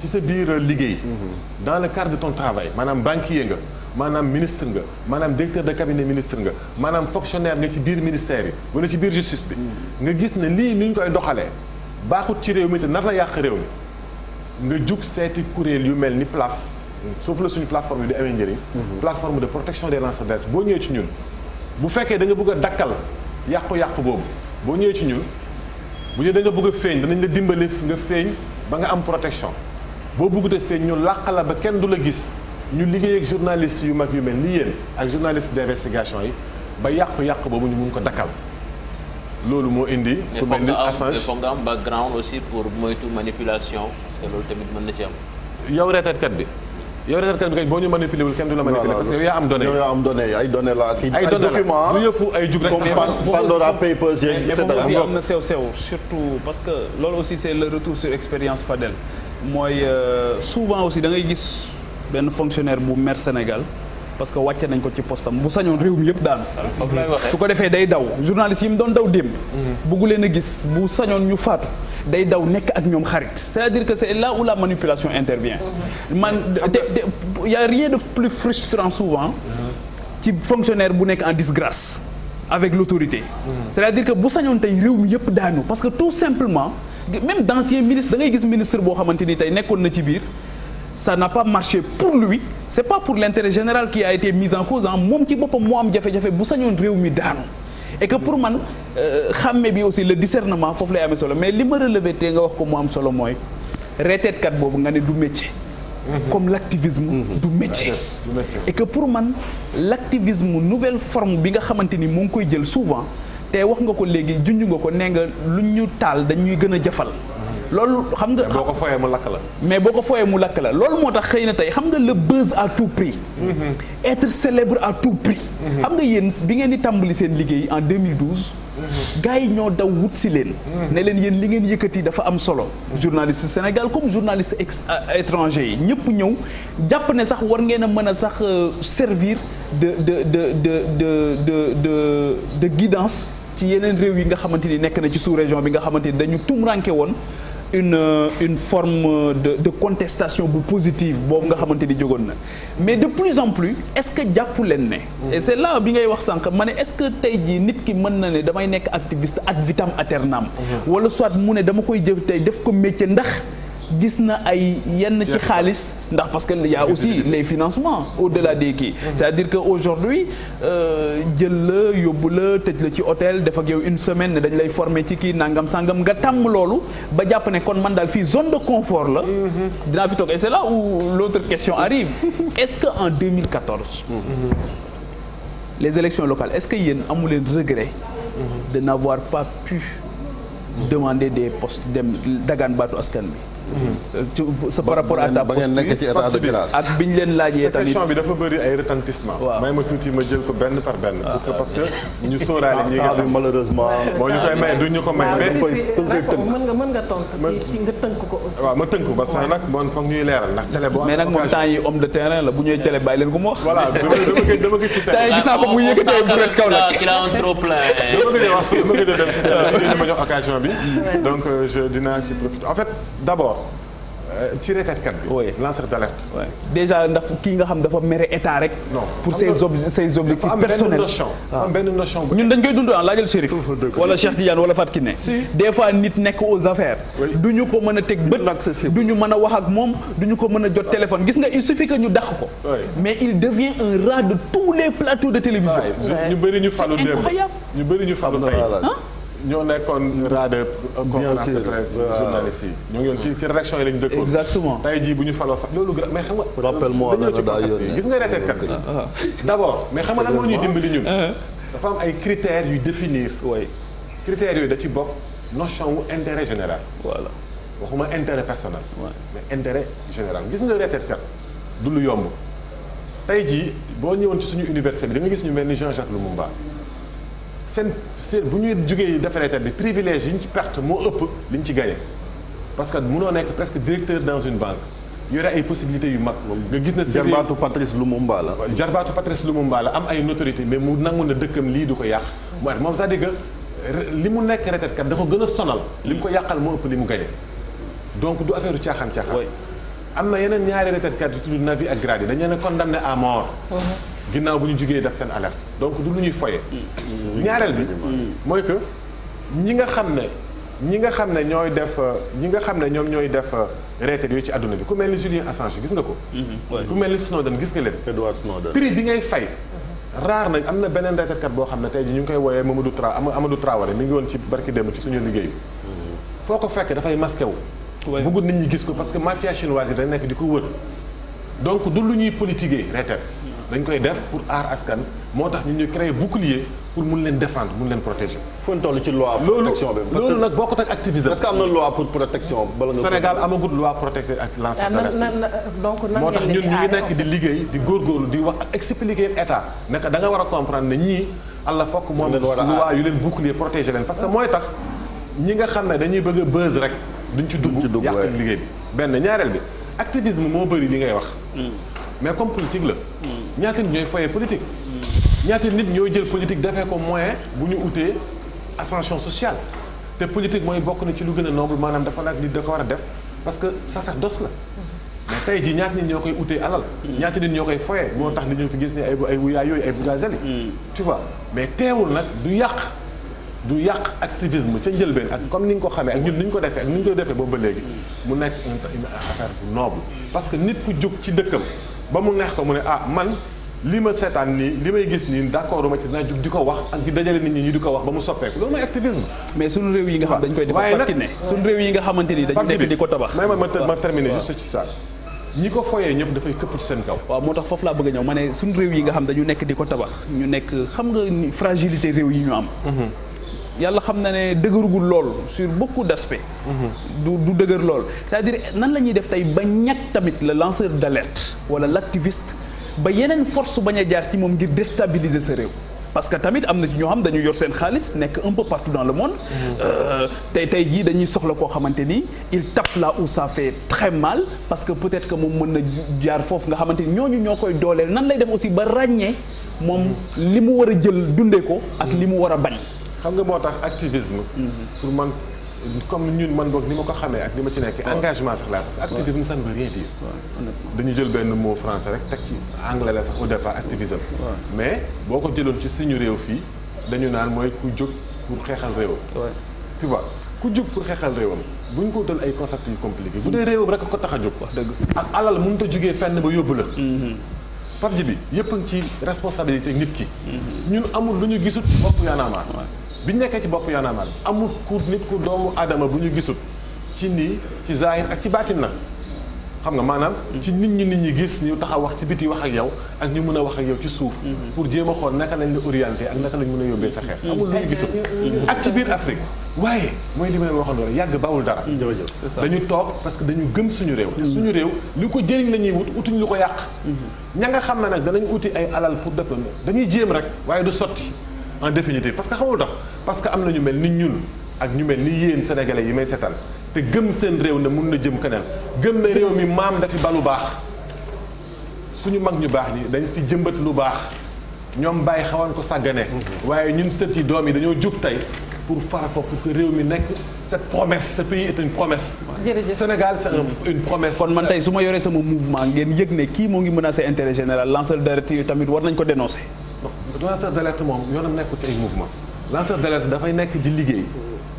ci sa biir liggéey mm-hmm. dans le cadre ton travail maanaam banquier nga maanaam ministre nga maanaam directeur de cabinet ministre nga maanaam fonctionnaire nga ci biir ministère yi wala ci biir justice bi nga gis ne nii ni ñu koy doxalee baaxut ci réew mi te nar na yàq réew mi nga jug seeti kuréel yu mel ni PLAF suuf la suñu plateforme yi di amee njëriñ mhm. plateforme de protection des lanceurs d'alerte boo ñëwee ci ñun bu fekkee da nga bëgg a dakkal yàqu-yàqu boobu boo ñëwee ci ñun bu ñu da nga bëgg a feeñ danañ la dimbali nga feeñ ba nga am protection boo bëggut a feeñ ñu làq ba kenn du la gis ñu liggéey ak journaliste yu mag yu mel ni yéen ak journaliste d'investigation yi ba yàqu-yàqu boobu ñu mun ko dakkal loolu moo indi. ku mel ni Assange foog nga am manipulation parce que loolu tamit mën na ci am. yow reetatkat bi. yow reetatkat bi kay boo ñu manipulé wul kenn du la manipulé. parce que yow yaa am données yow ay données la kii ay documents du yëfu ay jug rek. comme Pandora Papers parce que loolu aussi c'est le retour sur expérience Fadel mooy euh, souvent aussi da ngay gis. benn fonctionnaire bu maire Sénégal parce que wàcce nañ ko ci postam bu sañoon réew mi yëpp daanu su ko defee day daw journaliste yi mu doon daw démb buggu a gis bu sañoon ñu faatu day daw nekk ak ñoom xarit c'est-à-dire que c'est là où la manipulation intervient man te te y a rien de plus frustrant souvent ci fonctionnaire bu nekk en disgrâce avec l'autorité c'est-à-dire que bu sañoon tey réew mi yëpp daanu parce que tout simplement même d'anciens ministres ministre boo xamante ni tey nekkoon na ci biir ça n'a pas marché pour lui c'est pas pour l'intérêt général qui a été mis en cause ah moom ci boppam moo am jafe-jafe bu sañoon réew mi daanu et pour man euh, xàmme bi aussi le discernement foofu lay amee solo mais li ma te nga wax ko mu am solo mooy reeteetkat boobu nga ne du métier. Mm-hmm. comme l'activisme mm-hmm. ah, du métier. et que pour man l'activisme nouvelle forme bi nga xamante ni mu ngi koy jël souvent te wax nga ko léegi junj nga ko nee lu ñu taal dañuy gën a jafal. loolu xam nga. boo ko foyee mu lakk la. mais boo ko foyee mu lakk loolu moo tax xëy na tey xam nga le buzz à tout prix. Mm-hmm. être célèbre à tout prix. Mm-hmm. xam nga yéen bi ngeen di tàmbali seen liggéey en 2012. Mm-hmm. gars yi ñoo daw wut si leen. ne leen yéen li ngeen yëkkati dafa am solo. journaliste Sénégal comme journaliste ex euh, étranger yi ñëpp ñëw jàpp ne sax war ngeen a mën a sax euh, servir de de de de de de de guidance. ci yeneen réew yi nga xamante ni nekk na ci sous-région bi nga xamante ni dañu tumranke woon une euh, une forme euh, de contestation bu positive boobu nga xamante ni jógoon na mais de plus en plus est-ce que jàpp leen ne. et c'est là bi ngay wax sànq ma ne est-ce que tey jii nit ki mën na ne damay nekk activiste ad vitam aeternam. Mhm. wala soit mu ne dama koy jëf tey def ko métier ndax. gis na ay yenn ci xaalis ndax parce que y aussi les financements au-delà des kii mm-hmm. c'est-à-dire que aujourd'hui euh, jël la yóbbu la tëj la ci hôtel dafa ak yow une semaine ne dañ lay former ci kii nangam sangam nga tàmm loolu ba jàpp ne kon man daal fii zone de confort la mm-hmm. dinaa fi toog et c'est là où l'autre question arrive est-ce que en 2014 mm-hmm. les élections locales est-ce que yéen amu leen regret de n'avoir pas pu demander des postes dem dagaan baatu askan bi ci sa par rapport à ta posture ba ngeen nekk ci état de grâce ak biñ leen laajee tamit question bi dafa bëri ay retentissement waaw may ma tuuti ma jël ko benn par benn. Ah, ah. parce que ñu sóoraale ñi nga malheureusement. moo ñu koy may duñu ko may. mais mën nga mën nga tontu ci nga tënk ko aussi. waaw ma tënk parce que nag bon foog ñuy leeral ndax télé boo. mais nag moom temps yi homme de terrain la bu ñuy télé bàyyi leen ko mu wax. voilà dama gis dama gis ci télé. temps yi gis naa ko bu yëkkatee bu ret kaw la. il a un trop plein. dama gën a wax dama gën a dem ci télé ma jox occasion bi donc euh, je dinaa ci profiter en fait d'abord alors ci rekkajkat bi. oui lanceur déjà ndax kii nga xam dafa mere état rek. pour ses ob ses objectifs personnels. Ah. am benn notion ñun dañ koy dund ah laajal Chérif. wala Cheikh Tidiane wala Fatou Kiné. des fois nit nekk aux affaires. du ñu ko mën a teg bët. du ñu mën a wax ak moom du ñu ko mën a jot téléphone gis nga il suffit que ñu dàq ko. mais il devient un rat de tous les plateaux de télévision. ñu bëri ñu falu ah. démb ñu bëri ñu falu tey ñoo nekkoon raade conférence de presse journaliste ñoo ngi yoon ci ci réaction yi lañu dëkkoon exactement tey jii bu ñu faloo fa loolu mais xam nga rappelle-moi lan la daa yónnee gis nga retekat ah. d' abord mais xam nga lan moo ñuy dimbali ñun ah. dafa am ay critères yu définir oui critères yooyu da ci bokk notion wu intérêt général voilà waxuma intérêt personnel mais intérêt général gis nga retekat du lu yomb tey jii boo ñëwoon ci suñu université bi da gis ñu mel ni Jean-Jacques Lumumba seen seen bu ñuy jugee déféré bi privilège yi ñu ci perte moo ëpp li ñu ci gagné parce que munoo nekk presque directeur dans une banque yore ay possibilités yu mag. nga gis na sérieux jarbaatu Patrice Lumumba la. jarbaatu Patrice Lumumba la am ay notorité mais mu nangu na dëkkam lii du ko yàq. moom cest à li mu nekk retraite kat da gën a sonal. li mu ko yàqal moo ëpp li mu gagné. donc du affaire caaxaan caaxaan. am na yeneen ñaari retraite kat yu tudd Navi ak Grady dañu leen a ginnaaw bu ñu jugee def seen alerte donc du lu ñuy foye ñaareel bi mooy que ñi nga xam ne ñi nga xam ne ñooy def ñi nga xam ne ñoom ñooy def euh, yooyu ci àdduna bi ku mel ni Julian Assange gis nga ko mm-hmm. ku mel ni Snowden gis nga leen Edward Snowden prix bi ngay fay raar nañ am na beneen reetetkat boo xam ne tey ji ñu ngi koy wooyee Mamadou Tra Amadou Traoré mi ngi woon ci barki démb ci suñu liggéey mm-hmm. foo ko fekk dafay masqué wu bëggul nit ñi gis ko parce que mafia chinoise yi dañ nekk di ko wër donc du lu ñuy politiquer retraite dañ koy def pour aar askan moo tax ñu ñu créer bouclier pour mun leen défendre mun leen protéger. fën toll ci loi protection bi. parce que loolu nag bokkut ak activisme. est-ce que am na loi pour protection. bala nga Sénégal amagut loi protection ak lanceur ah, d'alerte donc tax ñun ñu ngi nekk di liggéey di góorgóorlu di wax ak état naka da war a comprendre ne ñi Allah fokk moom. loi yu leen bouclier protéger leen. parce que mooy tax ñi nga xam ne dañuy bëgg a buzz rek. duñ ci dugg yàq liggéey bi benn ñaareel bi. activisme moo bëri li ngay wax. Mm. mais comme politique la. Mm. ñaata nit ñooy foyee politique. Mm. ñaata nit ñooy jël politique defee ko moyen bu ñu utee ascension sociale te politique mooy bokk na ci lu gën a noble maanaam dafa laaj nit da ko war a def parce que sacerdoce la. Mm-hmm. mais tey jii ñaata nit ñoo koy utee alal. ñaata nit ñoo koy foyee moo tax li ñu fi gis ne ay ay wuyaay yooyu ay bugazeli. tu vois mais teewul nag du yàq. du yàq activisme ca njëlbeen ak comme ni nga ko xamee ak ñun ni ñu ko defee ak ni ñu koy defee boobu ba léegi mu nekk une parce que nit ku jug ci dëkkam ba mu neex ko mu ne ah man li ma seetaan nii li may gis nii d'accord ma ci di ko wax ak di dajale nit ñi ñu di ko wax ba mu soppeeku loolu mooy activisme. mais yi nga xam dañ koy def fàttali ne suñu réew nga xamante ni dañu nekk di ko tabax. may ma ma terminer juste ci ça. ñi ko foyee ñëpp dafay këpp ci seen kaw. waaw moo tax foofu laa bëgg a ñëw ma ne suñu réew yi nga xam dañu nekk di ko tabax ñu nekk xam nga fragilité réew yi ñu am. Mhm. yàlla xam na ne dëgërugul lool sur beaucoup d'aspects. Mm-hmm. du du dëgër lool cest dire nan la ñuy def tey ba ñàkk tamit le lanceur d'alerte wala l'activiste ba yeneen force bañ a jaar ci moom ngir déstabiliser sa réew. parce que tamit am na ci ñoo xam dañu yor seen xaalis nekk un peu partout dans le monde. Mm-hmm. Euh, tey tey jii dañuy soxla koo xamante ni il tape la où ça fait très mal parce que peut-être que moom mën na jaar foofu nga xamante ni ñooñu ñoo koy dooleel nan lay def aussi ba ràññee moom mm-hmm. li mu war a jël dundee ko. ak li mu war a bañ. xam nga moo tax activisme. pour man comme ñun man boog ni ma ko xamee ak ni ma ci nekk engagement sax laa parce que activisme ça ne veut rien dire. dañu jël benn moo français rek teg ci anglais la sax au départ activisme. mais boo ko jëloon ci suñu réew fii dañu naan mooy ku jóg pour xeexal réewam. tu vois ku jóg pour xeexal réewam bu ñu ko wutal ay concepts yu compliqué bu dee réewam rek ko tax a jóg. wax dëgg ak alal mënut a jugee fenn ba yóbbu la. Mm-hmm. PAPG bi yëpp a ci responsabilité nit ki. Mm-hmm. ñun amul lu ñu gisut bopp yaanaamaar. bi nekkee ci bopp Y'en a amul ku nit ku doomu aadama bu ñu gisul ci nii ci zahir ak ci baatin na xam nga maanaam ci nit ñi nit ñi gis ñu taxaw wax ci biti wax ak yow ak ñu mën a wax ak yow ci suuf pour jéem a xool naka lañ la orienté ak naka lañ mën a yóbbee sa xeex amul lu ñu gisul ak ci biir Afrique waaye mooy li may waxandoo rek yàgg bawul dara dañu toog parce que dañu gëm suñu réew mm-hmm. suñu réew li ko jëriñ la ñuy wut wutuñ lu ko yàq mm-hmm. ña nga xam ne nag danañ uti ay alal pour dëppam dañuy jéem rek waaye du sotti en définitive parce que xamul tax parce que am na ñu mel ni ñun ak ñu mel ni yéen sénégalais yi may seetaan te gëm seen réew ne mun na jëm kanam gëm na réew mi maam dafi ba lu baax suñu mag ñu baax ñi dañ fi jëmbat lu baax ñoom bàyyi xawaan ko sàggane mhm. waaye ñun sët yi doom yi dañoo jug tey pour fara ko pour que réew mi nekk cette promesse ce pays est une promesse. Sénégal c'est mhm. une promesse. kon man tey su ma yoree sama mouvement ngeen yëg ne kii moo ngi menacer intérêt général lanceur d'alerte yi tamit war nañ ko dénoncer. lanceur d'alerte moom yoonam nekkul ci ay mouvement dafay nekk di liggéey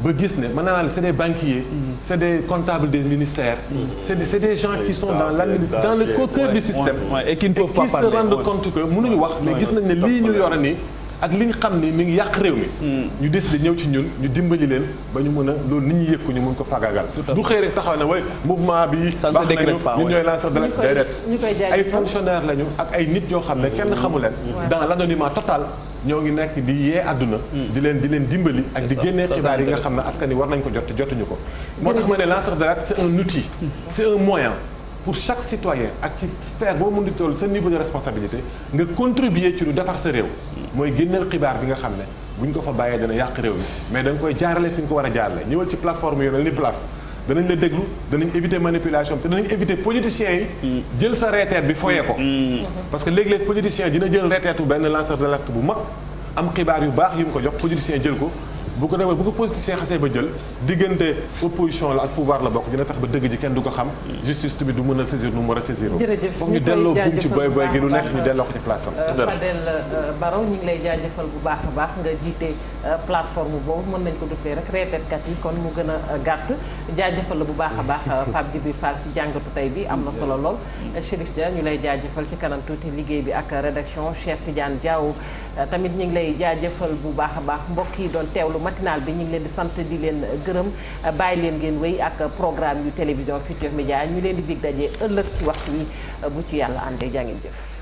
ba gis ne mën naa la c'est des banquiers mm-hmm. c'est des comptables des ministères mm-hmm. c'est des c'est qui sont dans la dans du système et qui se rendent compte que mënuñu wax mais gis nañ ne lii ñu yore nii ak li nga xam ni mi ngi yàq réew mi hmm. ñu décidé ñëw ci ñun ñu dimbali leen ba ñu mën a loolu nit ñi yëg ko ñu mën ko fagagal du xëy rek taxaw na way mouvement bi baax nañu ñun ñooy lanceur de déedéet ay ak ay nit yoo xam ne kenn hmm. xamu leen dans l'anonymat total ñoo ngi nekk di yee àdduna hmm. di leen di leen dimbali ak di génnee xibaar yi nga xam ne askan wi war nañ ko jot jotuñu ko moo tax ma ne lanceur d'alerte c'est un outil c'est un moyen pour chaque citoyen ak ci sphère boo mën di toll sa niveau de responsabilité nga contribuer ci lu defar sa réew mooy génneel xibaar bi nga xam ne bu ñu ko fa bàyyee dana yàq réew mi mais da koy jaarale fi nga ko war a jaarale ñëwal ci plateforme yi mel ni plaf danañ la déglu danañ éviter manipulation te danañ éviter politiciens yi jël sa reeteet bi foyee ko parce que léeg-léeg politicien dina jël reeteetu benn lancer d'alerte bu mag am xibaar yu baax yi ko jox politicien jël ko bu ko defee bu ko politicien xasee ba jël diggante opposition la ak pouvoir la bokk dina tax ba dëgg ji kenn du ko xam justice tamit du mën a saisir nu mu war a saisir foog ñu delloo buum ci boy boy gi lu nekk ñu delloo ko ci place am euh, Fadel euh, Barro ñu ngi lay jaajëfal bu baax a baax nga jiite euh, plateforme boobu mën nañ ko duppee rek reeteetkat yi kon mu gën a gàtt jaajëfal la bu baax a baax Pape Djibril Fall ci jàngatu tey bi am na solo lool mm. Chérif Dia ñu lay jaajëfal ci kanam tuuti liggéey bi ak rédaction Cheikh Tidiane Diaw tamit ñu ngi lay jaajëfal bu baax a baax mbokk yi doon teewlu matinal bi ñu ngi leen di sant di leen gërëm bàyyi leen ngeen wéy ak programme yu télévision Futurs Médias ñu leen di dig daje ëllëg ci wax wi bu ci yàlla àndee jaa ngeen jëf